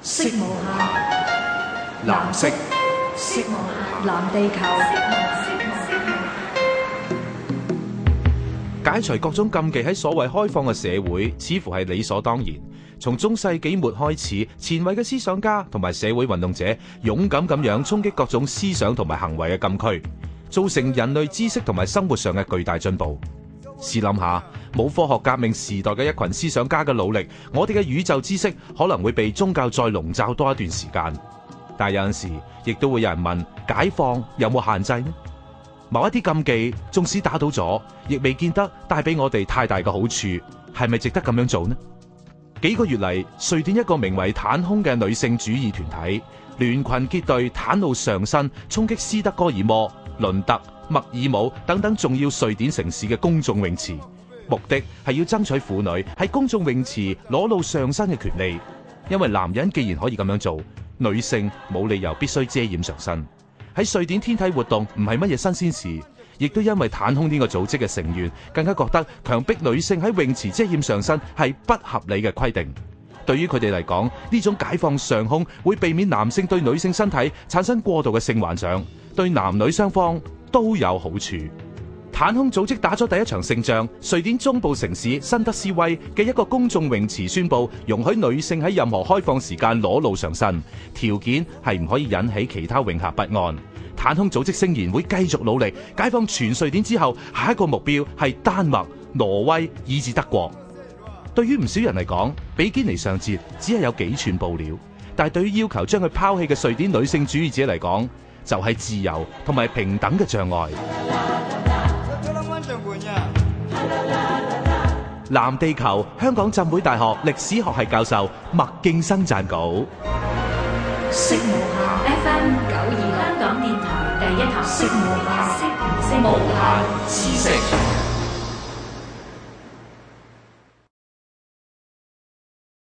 色無下藍色，色無限，藍地球，色藍地球色色。解除各種禁忌喺所謂開放嘅社會，似乎係理所當然。從中世紀末開始，前衛嘅思想家同埋社會運動者勇敢咁樣衝擊各種思想同埋行為嘅禁區，造成人類知識同埋生活上嘅巨大進步。試諗下，冇科學革命時代嘅一群思想家嘅努力，我哋嘅宇宙知識可能會被宗教再籠罩多一段時間。但有陣時，亦都會有人問：解放有冇限制呢？某一啲禁忌，縱使打倒咗，亦未見得帶俾我哋太大嘅好處，係咪值得咁樣做呢？幾個月嚟，瑞典一個名為坦空嘅女性主義團體聯群結隊，袒露上身，衝擊斯德哥爾摩。倫特、麥爾姆等等重要瑞典城市嘅公眾泳池，目的係要爭取婦女喺公眾泳池裸露上身嘅權利，因為男人既然可以咁樣做，女性冇理由必須遮掩上身。喺瑞典天體活動唔係乜嘢新鮮事，亦都因為袒胸呢個組織嘅成員更加覺得強迫女性喺泳池遮掩上身係不合理嘅規定。對於佢哋嚟講，呢種解放上空會避免男性對女性身體產生過度嘅性幻想，對男女雙方都有好處。袒胸組織打咗第一場勝仗，瑞典中部城市新德斯威嘅一個公眾泳池宣布容許女性喺任何開放時間裸露上身，條件係唔可以引起其他泳客不安。袒胸組織聲言會繼續努力解放全瑞典之後，下一個目標係丹麥、挪威，以至德國。對於唔少人嚟講，比基尼上節只係有幾寸布料，但對於要求將佢拋棄嘅瑞典女性主義者嚟講，就係自由同埋平等嘅障礙。藍地球，香港浸會大學歷史學系教授麥勁生撰稿。